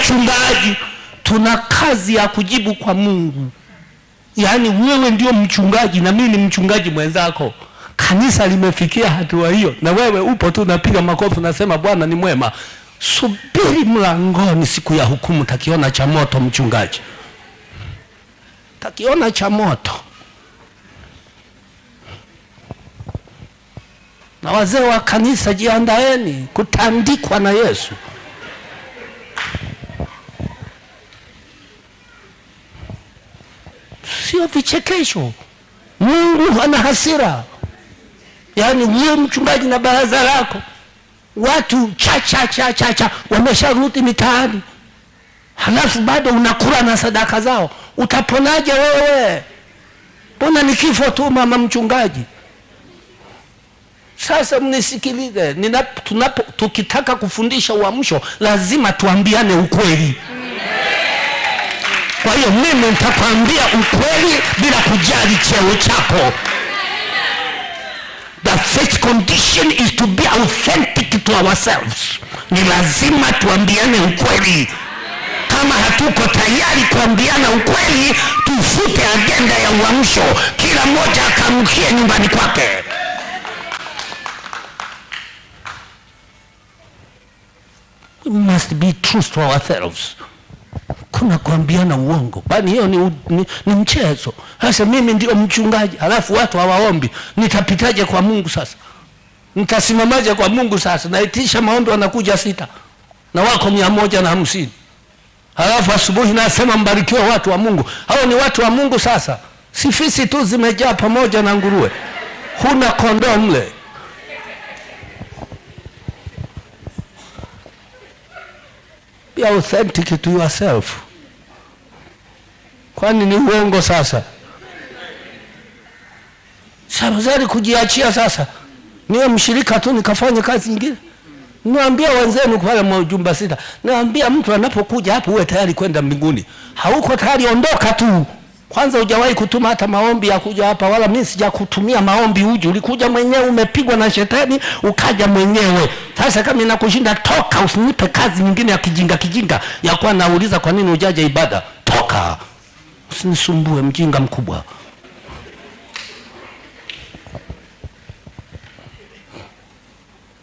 wachungaji tuna kazi ya kujibu kwa Mungu. Yaani wewe ndio mchungaji na mimi ni mchungaji mwenzako. Kanisa limefikia hatua hiyo, na wewe upo tu unapiga makofi, nasema Bwana ni mwema. Subiri mlangoni siku ya hukumu, takiona cha moto mchungaji, takiona cha moto. Na wazee wa kanisa, jiandaeni kutandikwa na Yesu. sio vichekesho. Mungu ana hasira, yaani wewe mchungaji na baraza lako watu cha cha cha cha cha wamesharudi mitaani, halafu bado unakula na sadaka zao, utaponaje wewe? Mbona ni kifo tu, mama mchungaji. Sasa mnisikilize, tunapo tukitaka kufundisha uamsho lazima tuambiane ukweli. Kwa hiyo mimi nitakwambia ukweli bila kujali cheo chako. The first condition is to be authentic to ourselves. Ni lazima tuambiane ukweli. Kama hatuko tayari kuambiana ukweli, tufute agenda ya uamsho, kila mmoja akaamkie nyumbani kwake. We must be true to ourselves hakuna kuambiana uongo, kwani hiyo ni, ni, ni mchezo. Sasa mimi ndio mchungaji halafu watu hawaombi, nitapitaje kwa Mungu sasa? Nitasimamaje kwa Mungu sasa? Naitisha maombi wanakuja sita na wako mia moja na hamsini halafu asubuhi nasema mbarikiwe watu wa Mungu. Hao ni watu wa Mungu sasa? Sifisi tu zimejaa pamoja na nguruwe, huna kondoo mle. Be authentic to yourself. Kwani ni uongo sasa? Safadhali kujiachia sasa, niwe mshirika tu nikafanye kazi nyingine. Naambia wenzenu pale majumba Sita, naambia mtu anapokuja hapo uwe tayari kwenda mbinguni. Hauko tayari, ondoka tu. Kwanza hujawahi kutuma hata maombi ya kuja hapa, wala mimi sijakutumia maombi uje. Ulikuja mwenyewe, umepigwa na shetani ukaja mwenyewe. Sasa kama inakushinda, toka, usinipe kazi nyingine ya kijinga kijinga ya kuwa nauliza kwa nini hujaja ibada. Toka usinisumbue mjinga mkubwa.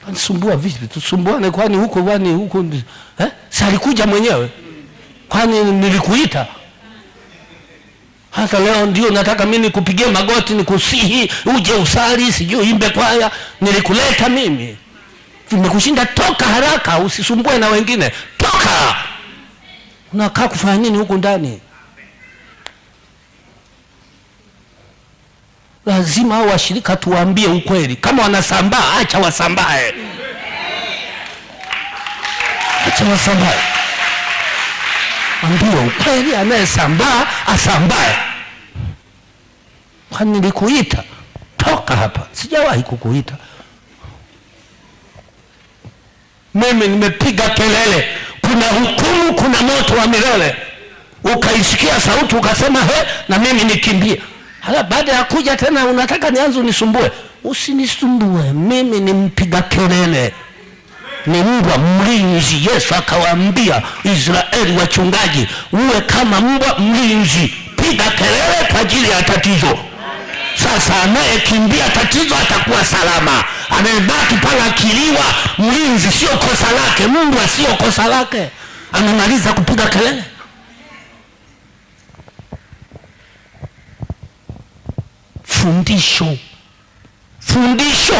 Anisumbua vipi? Tusumbuane kwani huko wani huko eh? Si alikuja mwenyewe? Kwani nilikuita? Hata leo ndio nataka mimi nikupigie magoti nikusihi uje usali sijui imbe kwaya nilikuleta mimi. Vimekushinda toka haraka usisumbue na wengine. Toka. Unakaa kufanya nini huko ndani? lazima hao washirika tuwaambie ukweli. Kama wanasambaa, acha wasambae, acha wasambae, ambie ukweli. Anayesambaa asambae. Kwani nilikuita toka hapa? Sijawahi kukuita mimi. Nimepiga kelele, kuna hukumu, kuna moto wa milele, ukaisikia sauti ukasema he, na mimi nikimbia Hala, baada ya kuja tena unataka nianze unisumbue? Usinisumbue, mimi ni mpiga kelele, ni mbwa mlinzi. Yesu akawaambia Israeli, wachungaji, uwe kama mbwa mlinzi, piga kelele kwa ajili ya tatizo. Sasa anayekimbia tatizo atakuwa salama, anayebaki pale akiliwa, mlinzi sio kosa lake, mbwa sio kosa lake, amemaliza kupiga kelele. fundisho fundisho